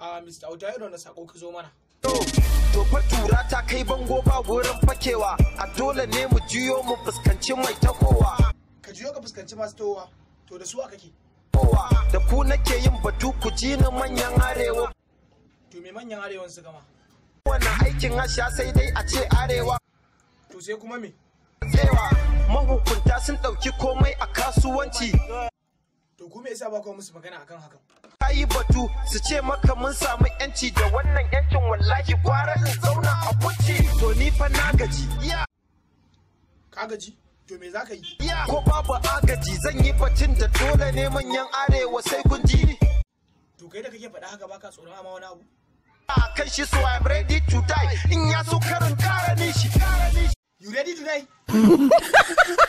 a Mr. Autayo da wani sako ka zo mana. Tofar tura ta kai bango ba wurin fakewa a dole ne mu juyo mu fuskanci mai takowa. Ka juyo ka fuskanci masu towa to da su a kake. Da ku nake yin batu ku ji na manyan arewa. To me manyan arewan su gama? Wannan aikin hasha sai dai a ce arewa. To sai kuma me? Tsewa mahukunta sun ɗauki komai a kasuwanci. To ku me yasa ba ku musu magana akan hakan? ka yi batu su ce maka mun samu yanci da wannan yancin wallahi gwara in zauna a kunci to ni fa na gaji ka gaji to me zaka yi ko babu agaji zan yi batun da dole ne manyan arewa sai kun ji to kai da kake faɗa haka baka tsoron ama wani abu a kan shi so i'm ready to die in ya so karin kara shi you ready to die